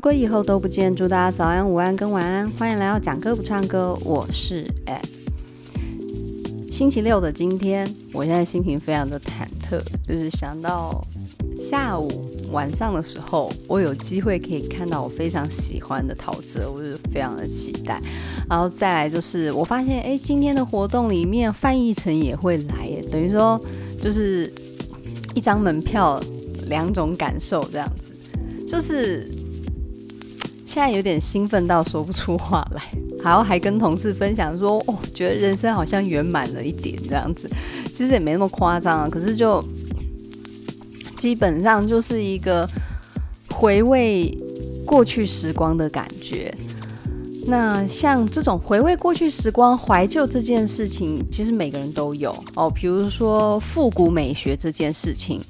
如果以後都不見，祝大家早安、午安跟晚安。歡迎來到講歌不唱歌，我是哎。星期六的今天，我現在心情非常的忐忑，就是想到下午晚上的時候，我有機會可以看到我非常喜歡的陶喆，我就是非常的期待。然後再來就是，我發現哎，今天的活動裡面范逸臣也會來，等於說就是一張門票兩種感受這樣子，就是。現在有點興奮到說不出話來，然後還跟同事分享說：“哦，覺得人生好像圓滿了一點這樣子，其實也沒那麼誇張啊。”可是就基本上就是一個回味過去時光的感覺。那像這種回味過去時光、懷舊這件事情，其實每個人都有哦。比如說復古美學這件事情。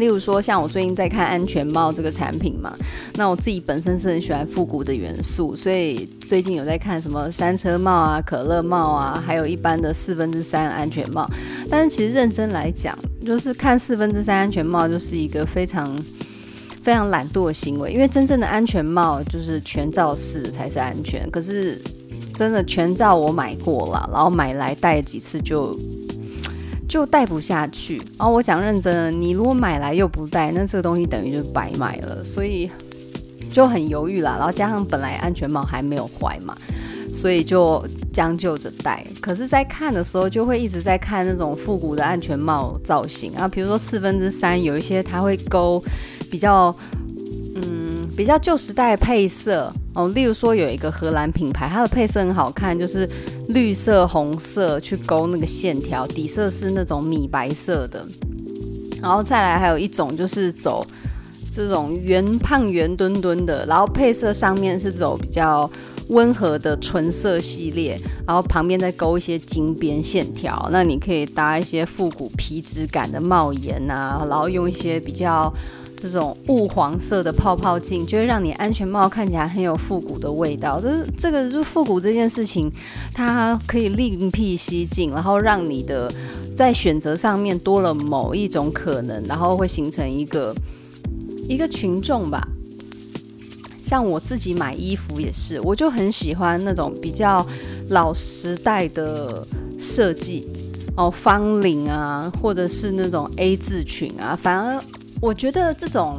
例如說，像我最近在看安全帽這個產品嘛，那我自己本身是很喜歡復古的元素，所以最近有在看什麼山車帽啊、可樂帽啊，還有一般的四分之三安全帽。但是其實認真來講，就是看四分之三安全帽就是一個非常非常懶惰的行為，因為真正的安全帽就是全罩式才是安全。可是真的全罩我買過了，然後買來戴幾次就。就戴不下去，然後，哦，我想認真，你如果買來又不戴，那這個東西等於就白買了，所以就很猶豫啦。然後加上本來安全帽還沒有壞嘛，所以就將就着戴。可是，在看的時候就會一直在看那種復古的安全帽造型啊，比如說四分之三，有一些它會勾比較。比較舊時代的配色哦，例如說有一個荷蘭品牌，它的配色很好看，就是綠色、紅色去勾那個線條，底色是那種米白色的。然後再來還有一種就是走這種圓胖圓墩墩的，然後配色上面是走比較溫和的純色系列，然後旁邊再勾一些金邊線條。那你可以搭一些復古皮質感的帽檐吶啊，然後用一些比較這種霧黃色的泡泡鏡，就會讓你安全帽看起來很有復古的味道。這這個、就是這個，就復古這件事情，它可以另闢蹊徑，然後讓你的在選擇上面多了某一種可能，然後會形成一個一個群眾吧。像我自己買衣服也是，我就很喜歡那種比較老時代的設計，哦，方領啊，或者是那種 A 字裙啊，反而。我覺得這種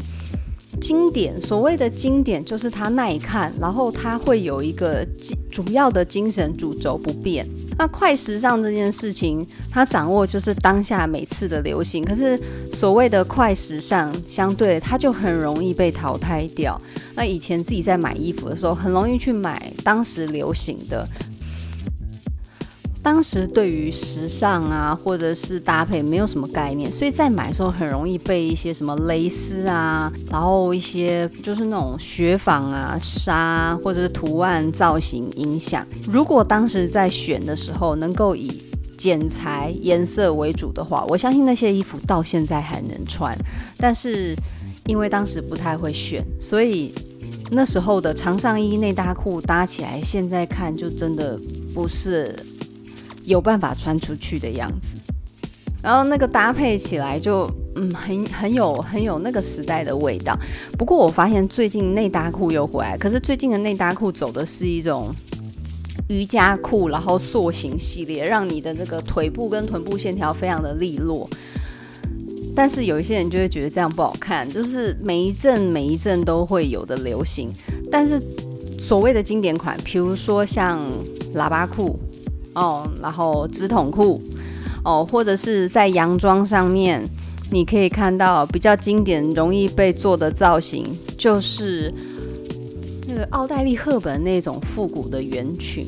經典，所謂的經典就是它耐看，然後它會有一個主要的精神主軸不變。那快時尚這件事情，它掌握就是當下每次的流行，可是所謂的快時尚，相對的它就很容易被淘汰掉。那以前自己在買衣服的時候，很容易去買當時流行的。當時對於時尚啊，或者是搭配沒有什麼概念，所以在買的時候很容易被一些什麼蕾絲啊，然後一些就是那種雪紡啊、紗或者是圖案造型影響。如果當時在選的時候能夠以剪裁、顏色為主的話，我相信那些衣服到現在還能穿。但是因為當時不太會選，所以那時候的長上衣內搭褲搭起來，現在看就真的不是。有辦法穿出去的樣子，然後那個搭配起來就嗯，很很有很有那個時代的味道。不過我發現最近內搭褲又回來，可是最近的內搭褲走的是一種瑜伽褲，然後塑形系列，讓你的那個腿部跟臀部線條非常的利落。但是有一些人就會覺得這樣不好看，就是每一陣每一陣都會有的流行，但是所謂的經典款，比如說像喇叭褲。哦，然後直筒褲，哦，或者是在洋裝上面，你可以看到比較經典、容易被做的造型，就是那個奧黛麗·赫本那種復古的圓裙，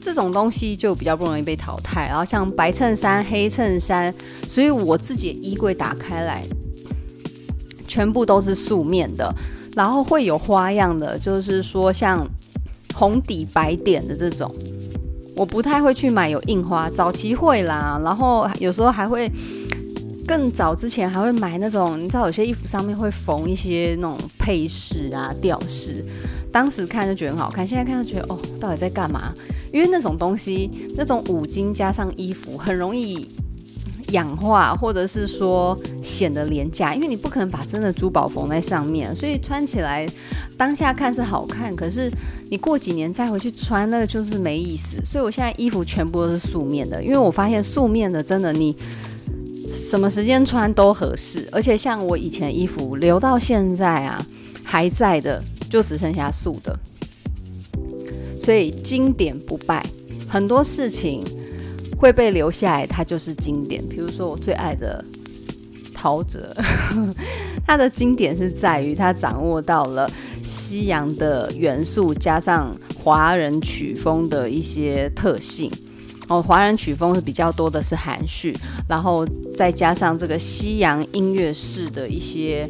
這種東西就比較不容易被淘汰。然後像白襯衫、黑襯衫，所以我自己的衣櫃打開來，全部都是素面的，然後會有花樣的，就是說像紅底白點的這種。我不太會去買有印花，早期會啦，然後有時候還會更早之前還會買那種，你知道有些衣服上面會縫一些那種配飾啊、吊飾，當時看就覺得很好看，現在看就覺得哦，到底在幹嘛？因為那種東西，那種五金加上衣服很容易氧化，或者是說顯得廉價，因為你不可能把真的珠寶縫在上面，所以穿起來當下看是好看，可是你過幾年再回去穿，那個就是沒意思。所以我現在衣服全部都是素面的，因為我發現素面的真的你什麼時間穿都合適，而且像我以前衣服留到現在啊還在的，就只剩下素的，所以經典不敗，很多事情。會被留下來，它就是經典。比如說我最愛的陶喆，他 的經典是在於他掌握到了西洋的元素，加上華人曲風的一些特性。哦，華人曲風是比較多的是含蓄，然後再加上這個西洋音樂式的一些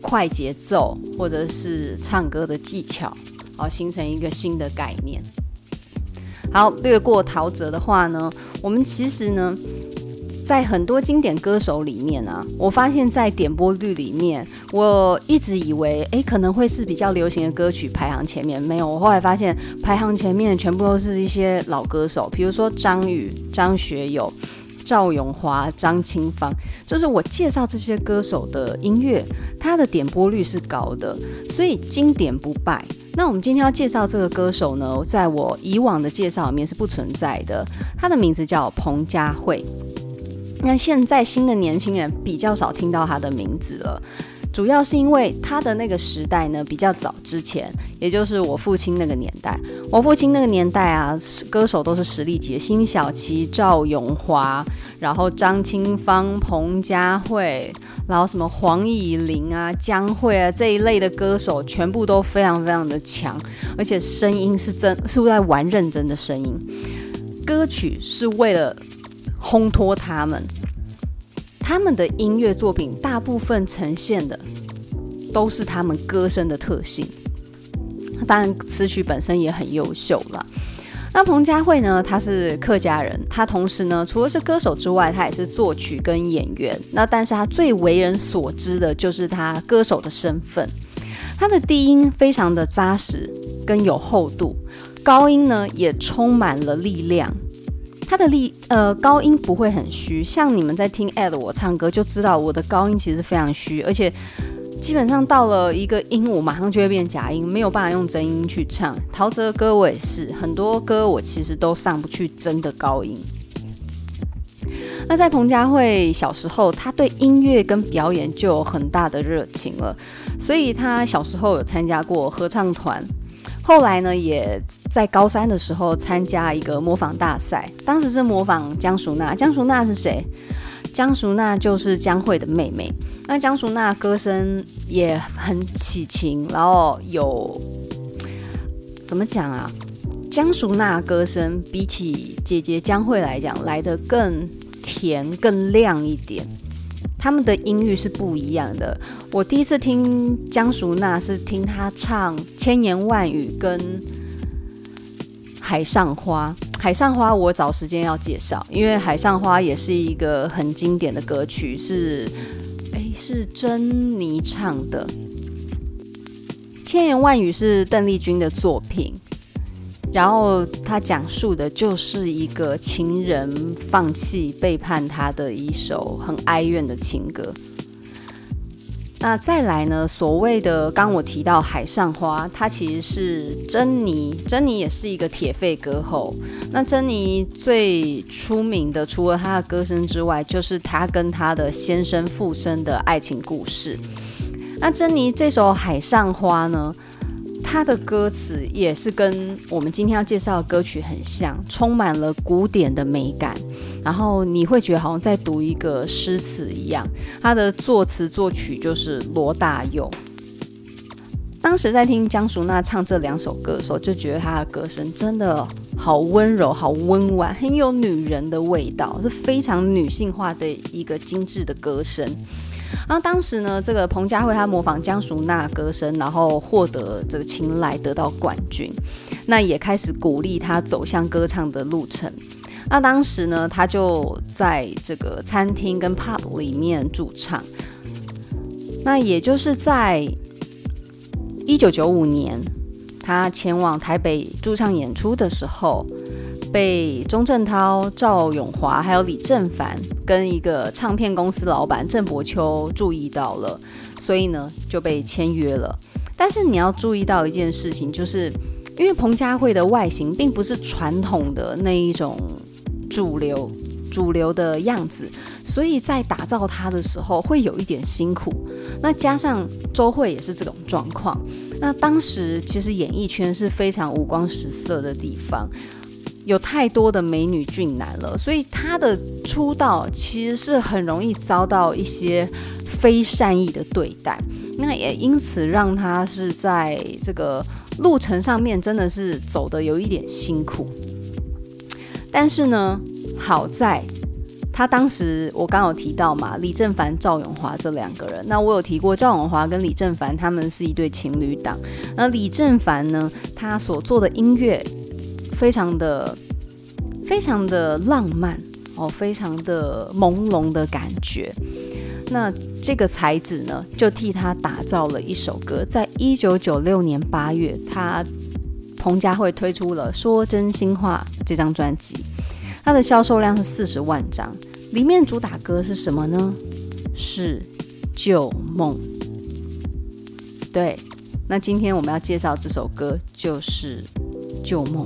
快節奏，或者是唱歌的技巧，好形成一個新的概念。好，略過陶喆的話呢，我們其實呢，在很多經典歌手裡面啊，我發現在點播率裡面，我一直以為，哎，可能會是比較流行的歌曲排行前面沒有，我後來發現排行前面全部都是一些老歌手，比如說張宇、張學友。趙永華、張清芳，就是我介紹這些歌手的音樂，他的點播率是高的，所以經典不敗。那我們今天要介紹這個歌手呢，在我以往的介紹裡面是不存在的，他的名字叫彭佳慧。那現在新的年輕人比較少聽到他的名字了。主要是因為他的那個時代呢，比較早之前，也就是我父親那個年代。我父親那個年代啊，歌手都是實力級，辛曉琪、趙詠華，然後張清芳、彭佳慧，然後什麼黃乙玲啊、江蕙啊這一類的歌手，全部都非常非常的強，而且聲音是真，是，不是在玩認真的聲音，歌曲是為了烘托他們。他們的音樂作品大部分呈現的都是他們歌聲的特性，當然詞曲本身也很優秀了。那彭佳慧呢？她是客家人，她同時呢，除了是歌手之外，她也是作曲跟演員。那但是她最為人所知的就是她歌手的身份。她的低音非常的扎實跟有厚度，高音呢也充滿了力量。他的力，呃，高音不會很虛，像你們在聽 at 我唱歌就知道，我的高音其實非常虛，而且基本上到了一個音，我馬上就會變假音，沒有辦法用真音去唱。陶喆的歌我也是，很多歌我其實都上不去真的高音。那在彭佳慧小時候，他對音樂跟表演就有很大的熱情了，所以他小時候有參加過合唱團。後來呢，也在高三的時候參加一個模仿大賽，當時是模仿江淑娜。江淑娜是誰？江淑娜就是江蕙的妹妹。那江淑娜歌聲也很起情，然後有怎麼講啊？江淑娜歌聲比起姐姐江蕙來講，來得更甜，更亮一點。他們的音域是不一樣的。我第一次聽江淑娜是聽她唱《千言萬語》跟《海上花》。《海上花》我找時間要介紹，因為《海上花》也是一個很經典的歌曲，是哎、欸、是甄妮唱的。《千言萬語》是鄧麗君的作品。然後他講述的就是一個情人放棄背叛他的一首很哀怨的情歌。那再來呢？所謂的剛剛我提到《海上花》，它其實是珍妮，珍妮也是一個鐵肺歌後。那珍妮最出名的，除了她的歌聲之外，就是她跟她的先生傅聲的愛情故事。那珍妮這首《海上花》呢？他的歌詞也是跟我們今天要介紹的歌曲很像，充滿了古典的美感，然後你會覺得好像在讀一個詩詞一樣。他的作詞作曲就是羅大佑。當時在聽江淑娜唱這兩首歌的時候，就覺得她的歌聲真的好溫柔、好溫婉，很有女人的味道，是非常女性化的一個精緻的歌聲。然後當時呢，這個彭佳慧她模仿江淑娜歌聲，然後獲得這個青睞，得到冠軍，那也開始鼓勵她走向歌唱的路程。那當時呢，她就在這個餐廳跟 pub 裡面駐唱。那也就是在一九九五年，她前往台北駐唱演出的時候，被鍾鎮濤、趙永華還有李正帆跟一個唱片公司老板鄭柏秋注意到了，所以呢就被簽約了。但是你要注意到一件事情，就是因為彭佳慧的外形並不是傳統的那一種主流主流的樣子，所以在打造她的時候會有一點辛苦。那加上周慧也是這種狀況，那當時其實演藝圈是非常五光十色的地方。有太多的美女俊男了，所以他的出道其實是很容易遭到一些非善意的對待，那也因此讓他是在這個路程上面真的是走得有一點辛苦。但是呢，好在他當時我剛有提到嘛，李正帆、趙詠華這兩個人，那我有提過趙詠華跟李正帆他們是一對情侶檔，那李正帆呢，他所做的音樂。非常的，非常的浪漫哦，非常的朦朧的感覺。那這個才子呢，就替他打造了一首歌。在一九九六年八月，他彭佳慧推出了《說真心話》這張專輯，它的銷售量是四十萬張。裡面主打歌是什麼呢？是《舊夢》。對，那今天我們要介紹這首歌就是《舊夢》。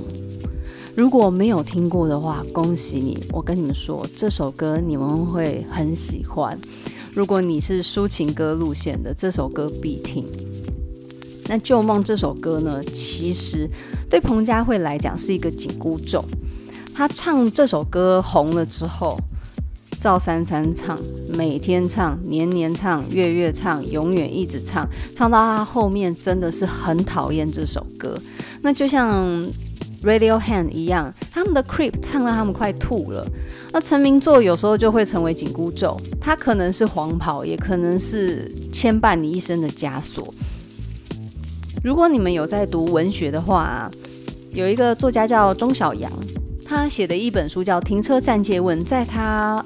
如果沒有聽過的話，恭喜你！我跟你們說，這首歌你們會很喜歡。如果你是抒情歌路線的，這首歌必聽。那《舊夢》這首歌呢，其實對彭佳慧來講是一個緊箍咒。她唱這首歌紅了之後，照三餐唱，每天唱，年年唱，月月唱，永遠一直唱，唱到她後面真的是很討厭這首歌。那就像 Radiohead 一樣，他們的 Creep 唱到他們快吐了。那成名作有時候就會成為緊箍咒，它可能是黃袍，也可能是牽絆你一生的枷鎖。如果你們有在讀文學的話，有一個作家叫鍾曉陽，他寫的一本書叫《停車暫借問》，在他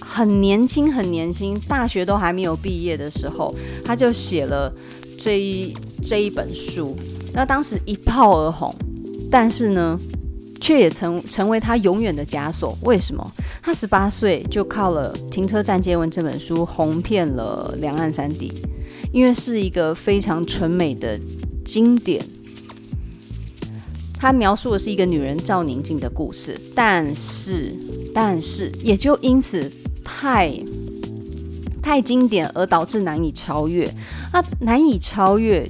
很年輕、很年輕，大學都還沒有畢業的時候，他就寫了這一這一本書。那當時一炮而紅。但是呢，卻也成成為他永遠的枷鎖。為什麼？他十八歲就靠了《停車暫借問》這本書紅遍了兩岸三地，因為是一個非常純美的經典。他描述的是一個女人趙寧靜的故事，但是，但是也就因此太太經典，而導致難以超越。啊，難以超越。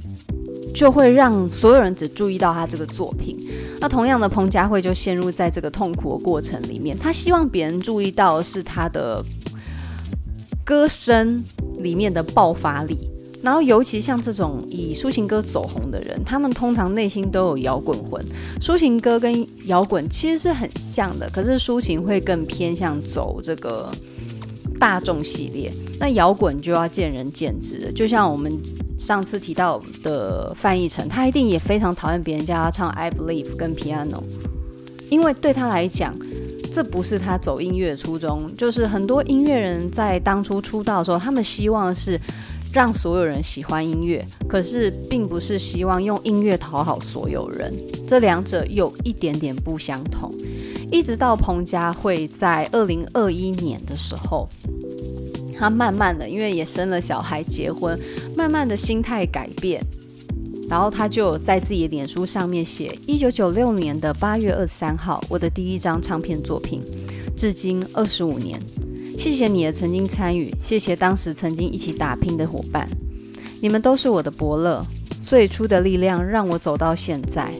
就會讓所有人只注意到他這個作品。那同樣的，彭佳慧就陷入在這個痛苦的過程裡面。他希望別人注意到的是他的歌聲裡面的爆發力。然後，尤其像這種以抒情歌走紅的人，他們通常內心都有搖滾魂。抒情歌跟搖滾其實是很像的，可是抒情會更偏向走這個。大眾系列，那搖滾就要見仁見智。就像我們上次提到的范逸臣，他一定也非常討厭別人叫他唱《I Believe》跟《Piano》，因為對他來講，這不是他走音樂的初衷。就是很多音樂人在當初出道的時候，他們希望是。讓所有人喜歡音樂，可是並不是希望用音樂討好所有人，這兩者有一點點不相同。一直到彭佳慧在二零二一年的時候，她慢慢的，因為也生了小孩、結婚，慢慢的心態改變，然後她就在自己的臉書上面寫：一九九六年的八月二十三號，我的第一張唱片作品，至今二十五年。謝謝你的曾經參與，謝謝當時曾經一起打拼的夥伴，你們都是我的伯樂，最初的力量讓我走到現在。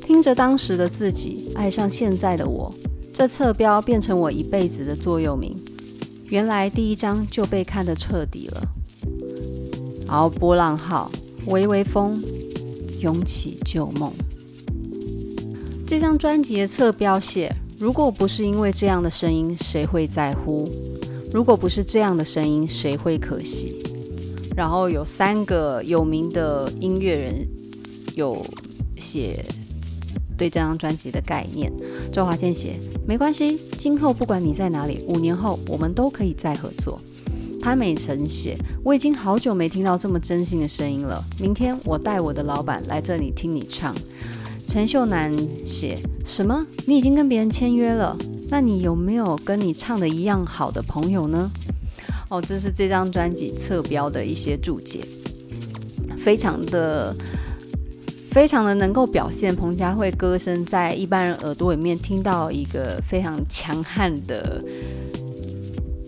聽着當時的自己，愛上現在的我，這側標變成我一輩子的座右銘。原來第一張就被看得徹底了。熬波浪號，微微風，湧起舊夢。這張專輯的側標寫。如果不是因為這樣的聲音，誰會在乎？如果不是這樣的聲音，誰會可惜？然後有三個有名的音樂人有寫對這張專輯的概念。周華健寫：沒關係，今後不管你在哪裡，五年後我們都可以再合作。潘美辰寫：我已經好久沒聽到這麼真心的聲音了。明天我帶我的老闆來這裡聽你唱。陳秀男寫什麼？你已經跟別人簽約了，那你有沒有跟你唱的一樣好的朋友呢？哦，這是這張專輯側標的一些注解，非常的、非常的能夠表現彭佳慧歌聲在一般人耳朵裡面聽到一個非常強悍的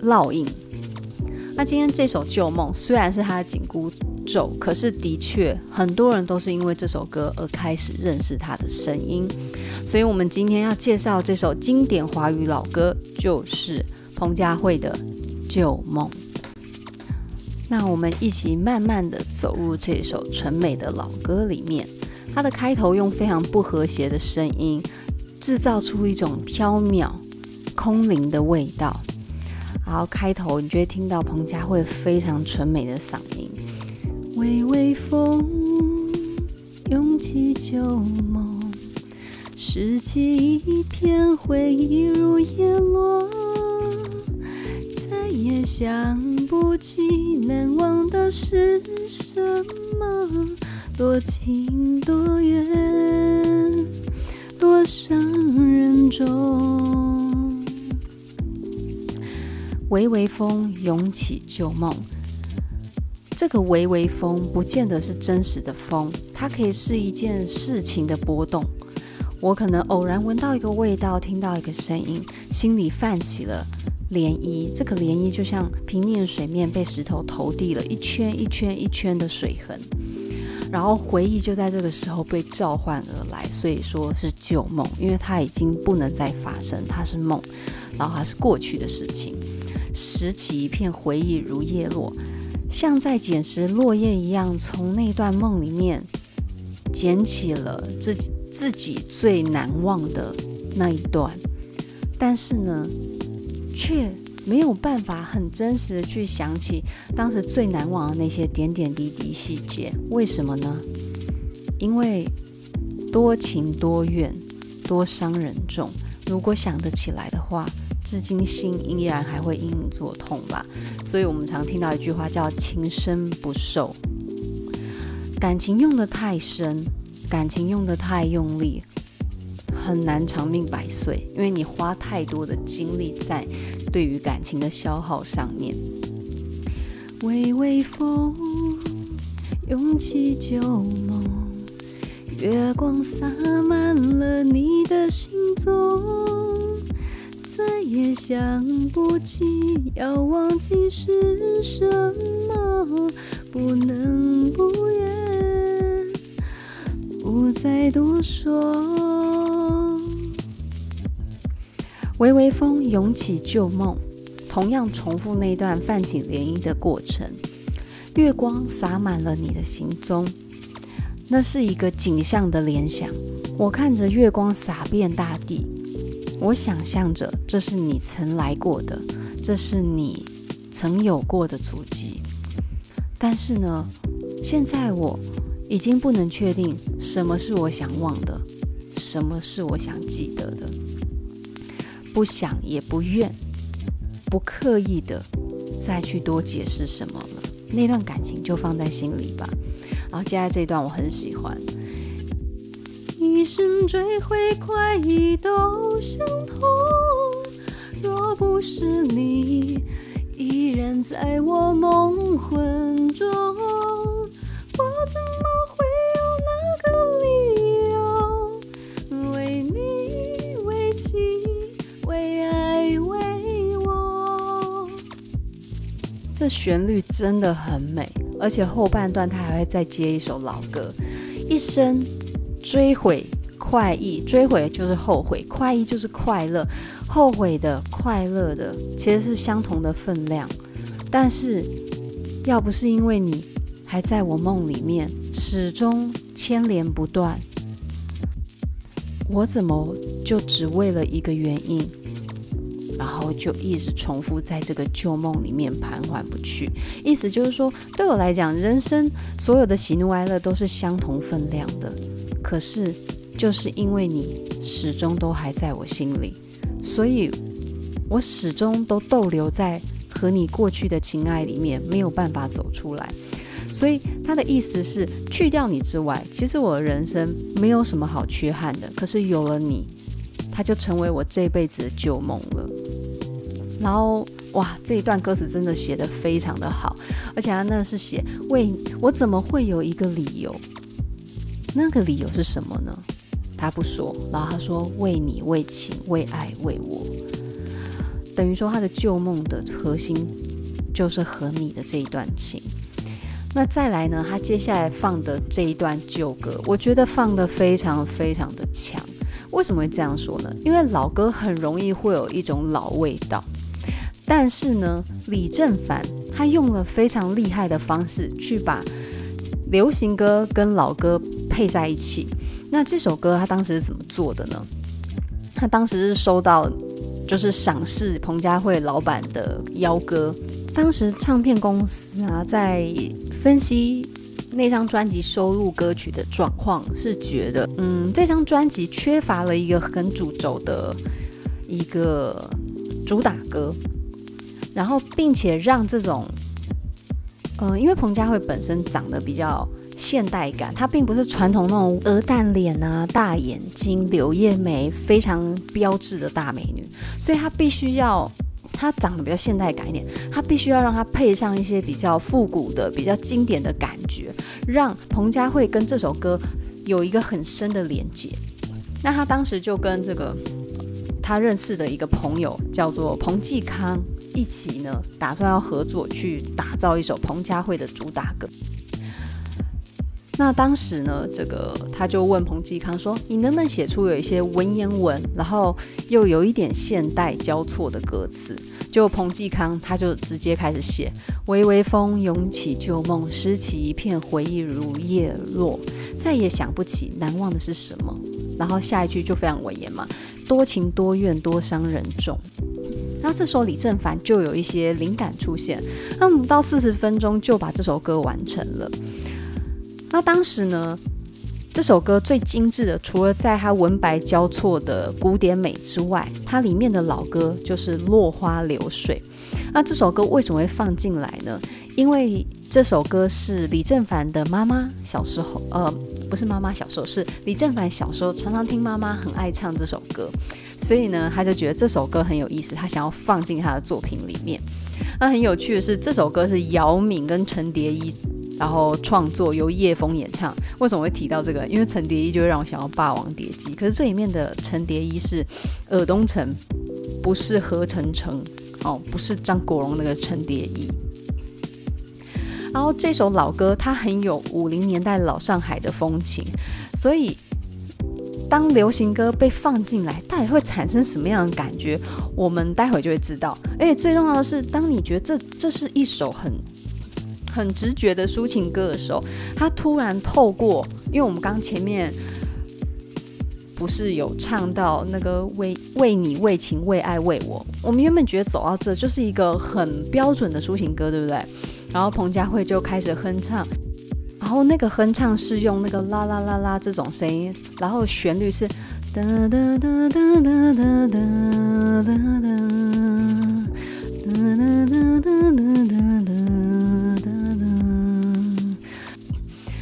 烙印。那今天這首舊夢雖然是他的緊箍。可是，的確，很多人都是因為這首歌而開始認識他的聲音。所以，我們今天要介紹這首經典華語老歌，就是彭佳慧的《舊夢》。那我們一起慢慢的走入這首純美的老歌裡面。它的開頭用非常不和諧的聲音，制造出一種飄渺、空靈的味道。然後開頭，你就會聽到彭佳慧非常純美的嗓音。微微風湧起舊夢，拾起一片回憶如葉落，再也想不起難忘的是什麼，多情多怨，多傷人中。微微風湧起舊夢。這個微微風不見得是真實的風，它可以是一件事情的波動。我可能偶然聞到一個味道，聽到一個聲音，心裡泛起了漣漪。這個漣漪就像平靜的水面被石頭投遞了一圈一圈一圈一圈的水痕，然後回憶就在這個時候被召喚而來，所以說是舊夢，因為它已經不能再發生，它是夢，然後它是過去的事情。拾起一片回憶，如葉落。像在撿拾落葉一樣，從那段夢裡面撿起了自己自己最難忘的那一段，但是呢，卻沒有辦法很真實的去想起當時最難忘的那些點點滴滴細節。為什麼呢？因為多情多怨，多傷人重。如果想得起來的話。至今心依然還會隱隱作痛吧，所以我們常聽到一句話叫“情深不壽”，感情用得太深，感情用得太用力，很難長命百歲，因為你花太多的精力在對於感情的消耗上面。微微風，湧起舊夢，月光灑滿了你的行蹤。也想不起，要忘記是什麼，不能不願，不再多說。微微風，湧起舊夢，同樣重複那段泛起漣漪的過程。月光灑滿了你的行蹤，那是一個景象的聯想。我看着月光灑遍大地。我想象着，這是你曾來過的，這是你曾有過的足跡。但是呢，現在我已經不能確定什麼是我想忘的，什麼是我想記得的。不想也不願，不刻意的再去多解釋什麼了。那段感情就放在心裡吧。然後接下來這一段我很喜歡。一生追回、快意都相同，若不是你依然在我夢魂中，我怎麼會有那個理由，為你為情為愛為我。這旋律真的很美，而且後半段他還會再接一首老歌，一生追悔，快意，追悔就是後悔，快意就是快樂，後悔的快樂的其實是相同的分量，但是要不是因為你還在我夢裡面，始終牽連不斷，我怎麼就只為了一個原因，然後就一直重複在這個舊夢裡面盤桓不去？意思就是說，對我來講，人生所有的喜怒哀樂都是相同分量的。可是，就是因為你始終都還在我心裡，所以，我始終都逗留在和你過去的情愛裡面，沒有辦法走出來。所以他的意思是，去掉你之外，其實我的人生沒有什麼好缺憾的。可是有了你，他就成為我這輩子的舊夢了。然後，哇，這一段歌詞真的寫得非常的好，而且他那是寫為我怎麼會有一個理由？那個理由是什麼呢？他不說。然後他說：“為你，為情，為愛，為我。”等於說他的舊夢的核心就是和你的這一段情。那再來呢？他接下來放的這一段舊歌，我覺得放得非常非常的強。為什麼會這樣說呢？因為老歌很容易會有一種老味道，但是呢，李正帆他用了非常厲害的方式去把流行歌跟老歌，配在一起，那這首歌他當時是怎麼做的呢？他當時是收到，就是賞識彭佳慧老板的邀歌。當時唱片公司啊，在分析那張專輯收錄歌曲的狀況，是覺得，嗯，這張專輯缺乏了一個很主軸的一個主打歌，然後並且讓這種，嗯、呃，因為彭佳慧本身長得比較。現代感，她並不是傳統那種鵝蛋臉啊、大眼睛、柳葉眉非常標緻的大美女，所以她必須要，她長得比較現代感一點，她必須要讓她配上一些比較復古的、比較經典的感覺，讓彭佳慧跟這首歌有一個很深的連接。那她當時就跟這個她認識的一個朋友叫做彭季康一起呢，打算要合作去打造一首彭佳慧的主打歌。那當時呢，這個他就問彭季康說：“你能不能寫出有一些文言文，然後又有一點現代交錯的歌詞？”就彭季康他就直接開始寫：“微微風湧起舊夢，拾起一片回憶如葉落，再也想不起難忘的是什麼。”然後下一句就非常文言嘛：“多情多怨多傷人重。”然後這時候李正帆就有一些靈感出現，那麼不到四十分鐘就把這首歌完成了。那當時呢，這首歌最精致的，除了在它文白交錯的古典美之外，它裡面的老歌就是《落花流水》。那這首歌為什麼會放進來呢？因為這首歌是李正帆的媽媽小時候，呃，不是媽媽小時候，是李正帆小時候常常聽媽媽很愛唱這首歌，所以呢，他就覺得這首歌很有意思，他想要放進他的作品裡面。那很有趣的是，這首歌是姚敏跟陳蝶衣。然後創作由葉楓演唱，為什麼會提到這個？因為陳蝶衣就會讓我想到《霸王別姬》，可是這裡面的陳蝶衣是耳東陳，不是禾呈程哦，不是張國榮那個程蝶衣。然後這首老歌它很有五零年代老上海的風情，所以當流行歌被放進來，到底會產生什麼樣的感覺？我們待會就會知道。而且最重要的是，當你覺得這這是一首很。很直覺的抒情歌手，他突然透過，因為我們剛前面不是有唱到那個為為你為情為愛為我，我們原本覺得走到這就是一個很標準的抒情歌，對不對？然後彭佳慧就開始哼唱，然後那個哼唱是用那個啦啦啦啦這種聲音，然後旋律是噠噠噠噠噠噠噠噠噠噠噠噠噠噠噠。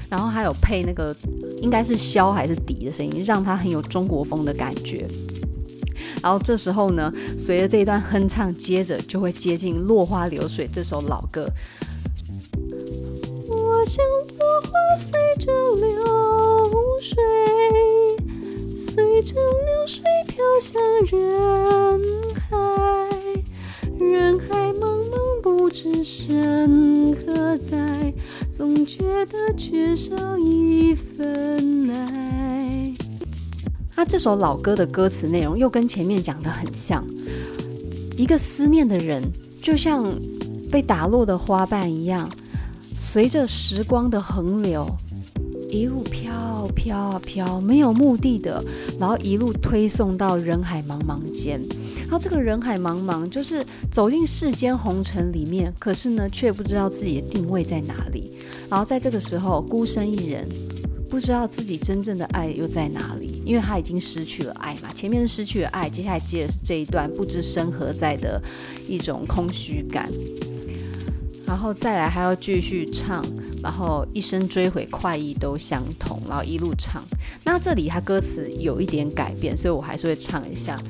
然後還有配那個，應該是簫還是笛的聲音，讓它很有中國風的感覺。然後這時候呢，隨着這一段哼唱，接着就會接近《落花流水》這首老歌。我像落花隨着流水，隨着流水飄向人海，人海茫茫不知身何在。總覺得缺少一份愛。他這首老歌的歌詞內容又跟前面講的很像，一個思念的人就像被打落的花瓣一樣，隨着時光的橫流，一路飄飄啊飄，沒有目的的，然後一路推送到人海茫茫間。他這個人海茫茫，就是走進世間紅塵裡面，可是呢，卻不知道自己的定位在哪裡。然後在這個時候，孤身一人，不知道自己真正的愛又在哪裡，因為他已經失去了愛嘛。前面失去了愛，接下來接的是這一段不知身何在的一種空虛感。然後再來還要繼續唱，然後一生追悔快意都相同，然後一路唱。那這裡他歌詞有一點改變，所以我還是會唱一下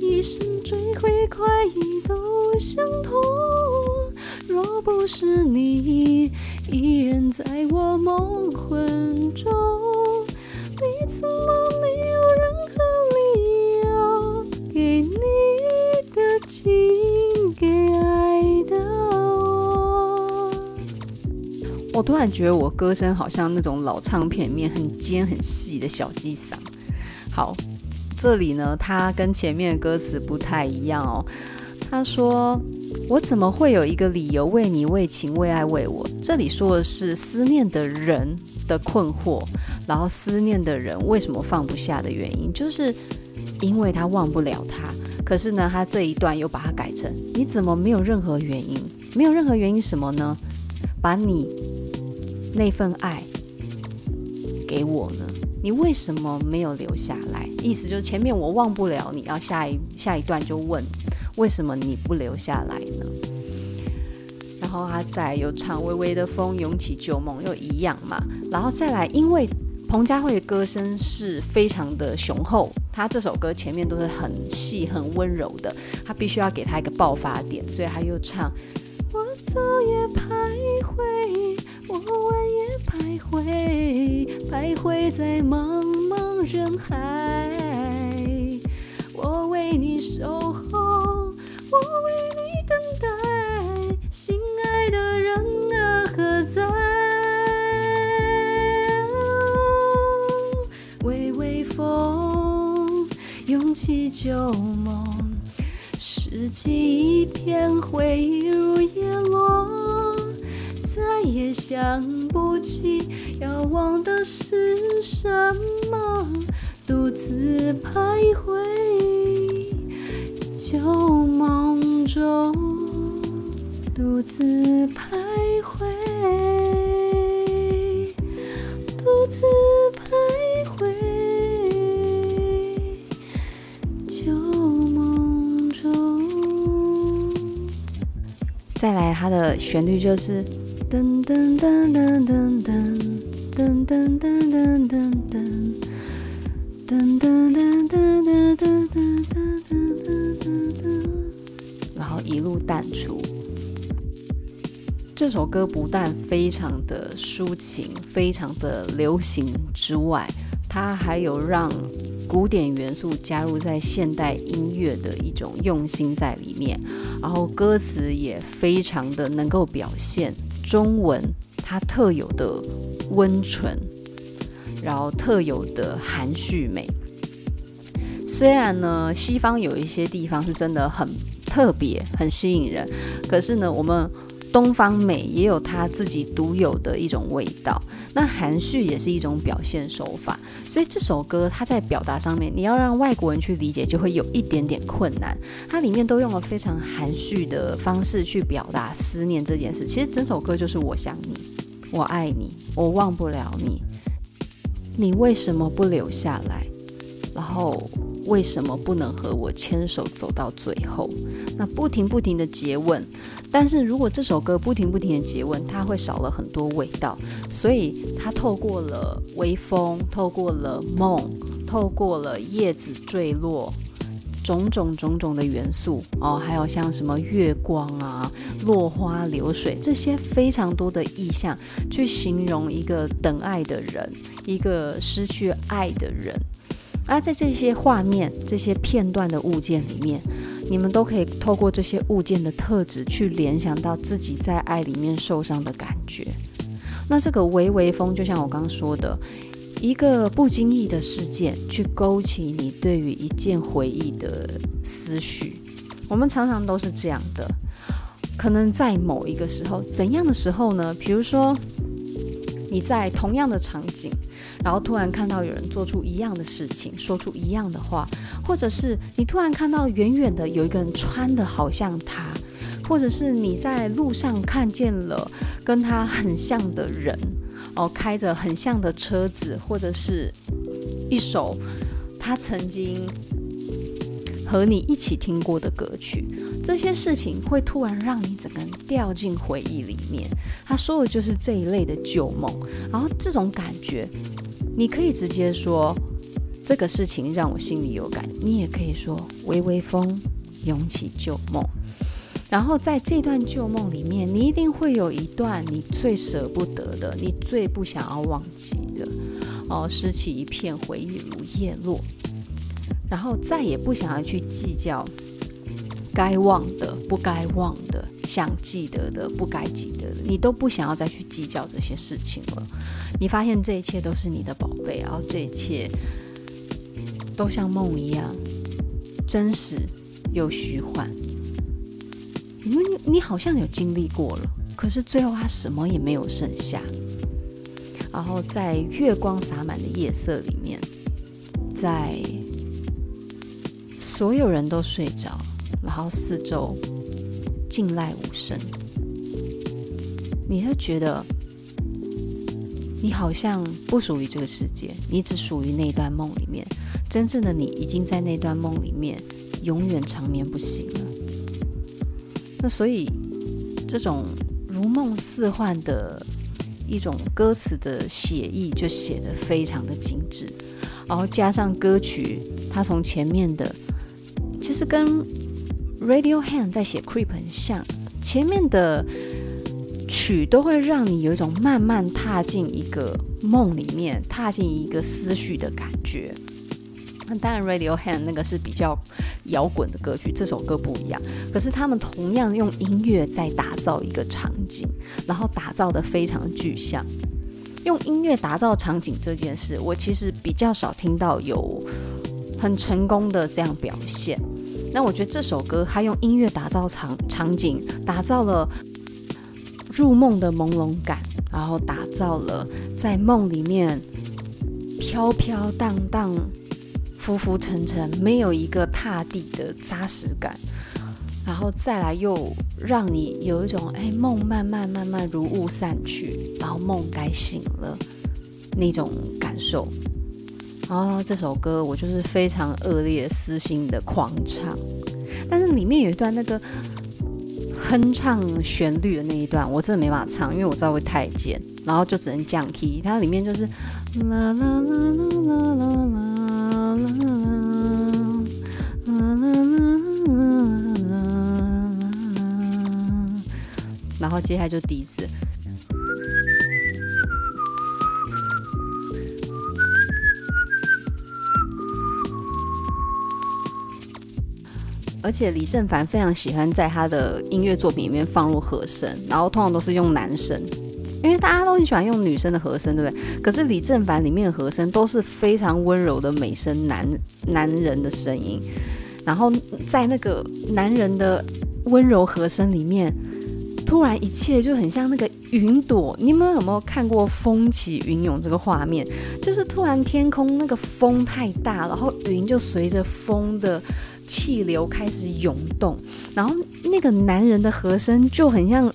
一生，追會快意都相同，若不是你依然在我夢魂中，你怎麼沒有任何理由給你的情給愛的我。我突然覺得我歌聲好像那種老唱片面很尖很細的小雞嗓。好這裡呢，他跟前面的歌詞不太一樣哦。他說：“我怎麼會有一個理由為你為情為愛為我？”這裡說的是思念的人的困惑，然後思念的人為什麼放不下的原因，就是因為他忘不了他。可是呢，他這一段又把它改成：“你怎麼沒有任何原因？沒有任何原因什麼呢？把你那份愛給我呢？”你為什麼沒有留下來？意思就是前面我忘不了你，要下一下一段就問為什麼你不留下來呢？然後他再又唱微微的風湧起舊夢，又一樣嘛。然後再來，因為彭佳慧的歌聲是非常的雄厚，他這首歌前面都是很細很溫柔的，他必須要給他一個爆發點，所以他又唱我早也徘徊。我晚夜徘徊，徘徊在茫茫人海。我為你守候，我為你等待，心愛的人啊何在？微微風湧起舊夢，拾起一片回憶，如葉落。再也想不起要忘的是什麼，獨自徘徊舊夢中，獨自徘徊，獨自徘徊舊夢中。再來，它的旋律就是。噔噔噔噔噔噔噔噔噔噔噔噔噔噔噔噔噔噔，然後一路淡出。這首歌不但非常的抒情，非常的流行之外，它還有讓古典元素加入在現代音樂的一種用心在裡面，然後歌詞也非常的能夠表現。中文它特有的溫存，然後特有的含蓄美。雖然呢，西方有一些地方是真的很特別、很吸引人，可是呢，我們。東方美也有它自己獨有的一種味道，那含蓄也是一種表現手法。所以這首歌它在表達上面，你要讓外國人去理解，就會有一點點困難。它裡面都用了非常含蓄的方式去表達思念這件事。其實整首歌就是我想你，我愛你，我忘不了你，你為什麼不留下來？然後。為什麼不能和我牽手走到最後？那不停不停的詰問。但是如果這首歌不停不停的詰問，它會少了很多味道。所以它透過了微風，透過了夢，透過了葉子墜落，種種種種種的元素哦，還有像什麼月光啊、落花流水這些非常多的意象，去形容一個等愛的人，一個失去愛的人。而、啊、在這些畫面、這些片段的物件裡面，你們都可以透過這些物件的特質，去聯想到自己在愛裡面受傷的感覺。那這個微微風，就像我剛剛說的，一個不經意的事件，去勾起你對於一件回憶的思緒。我們常常都是這樣的，可能在某一個時候，怎樣的時候呢？比如說。你在同樣的場景，然後突然看到有人做出一樣的事情，說出一樣的話，或者是你突然看到遠遠的有一個人穿的好像他，或者是你在路上看見了跟他很像的人，哦，開着很像的車子，或者是一首他曾經。和你一起聽過的歌曲，這些事情會突然讓你整個人掉進回憶裡面。他說的就是這一類的舊夢，然後這種感覺，你可以直接說這個事情讓我心裡有感，你也可以說微微風湧起舊夢，然後在這段舊夢裡面，你一定會有一段你最捨不得的，你最不想要忘記的，哦，拾起一片回憶如葉落。然後再也不想要去計較，該忘的不該忘的，想記得的不該記得的，你都不想要再去計較這些事情了。你發現這一切都是你的寶貝，然後這一切都像夢一樣真實又虛幻。你、嗯、你好像有經歷過了，可是最後他什麼也沒有剩下。然後在月光灑滿的夜色裡面，在。所有人都睡着，然後四周靜籟無聲，你會覺得你好像不屬於這個世界，你只屬於那段夢裡面。真正的你已經在那段夢裡面永遠長眠不醒了。那所以這種如夢似幻的一種歌詞的寫意就寫得非常的精緻，然後加上歌曲，它從前面的。其實跟 Radiohead 在寫 Creep 很像，前面的曲都會讓你有一種慢慢踏進一個夢裡面，踏進一個思緒的感覺。那當然 Radiohead 那個是比較搖滾的歌曲，這首歌不一樣。可是他們同樣用音樂在打造一個場景，然後打造的非常具象。用音樂打造場景這件事，我其實比較少聽到有很成功的這樣表現。那我覺得這首歌，它用音樂打造場場景，打造了入夢的朦朧感，然後打造了在夢裡面飄飄蕩蕩、浮浮沉沉，沒有一個踏地的紮實感，然後再來又讓你有一種哎，夢慢慢慢慢如霧散去，然後夢該醒了那種感受。哦，這首歌我就是非常惡劣、私心的狂唱，但是裡面有一段那個哼唱旋律的那一段，我真的沒辦法唱，因為我知道會太尖，然後就只能降 key。它裡面就是啦啦啦啦啦啦啦啦啦啦啦啦啦，然後接下來就笛子。而且李正帆非常喜歡在他的音樂作品裡面放入和聲，然後通常都是用男聲，因為大家都很喜歡用女生的和聲，對不對？可是李正帆裡面的和聲都是非常溫柔的美聲男男人的聲音，然後在那個男人的溫柔和聲裡面，突然一切就很像那個雲朵。你們有沒有看過風起雲湧這個畫面？就是突然天空那個風太大，然後雲就隨着風的。氣流開始湧動，然後那個男人的和聲就很像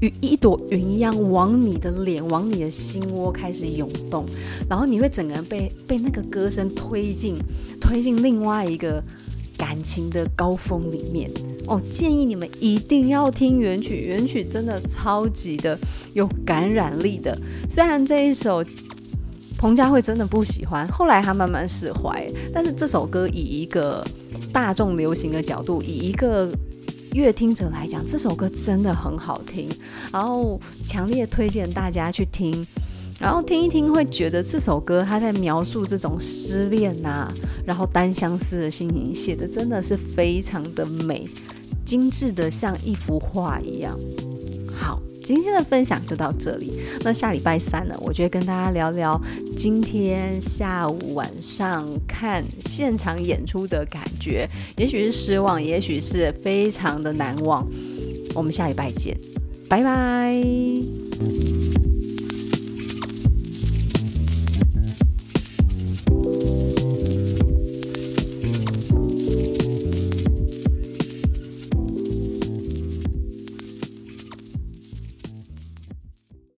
與一朵雲一樣往你的臉、往你的心窩開始湧動，然後你會整個人被被那個歌聲推進推進另外一個感情的高峰裡面哦。建議你們一定要聽原曲，原曲真的超級的有感染力的。雖然這一首彭佳慧真的不喜歡，後來她慢慢釋懷，但是這首歌以一個。大眾流行的角度，以一個樂聽者來講，這首歌真的很好聽，然後強烈推薦大家去聽，然後聽一聽會覺得這首歌它在描述這種失戀吶，然後單相思的心情寫的真的是非常的美，精緻的像一幅畫一樣，好。今天的分享就到這裡，那下禮拜三呢，我就會跟大家聊聊今天下午晚上看現場演出的感覺，也許是失望，也許是非常的難忘。我們下禮拜見，拜拜。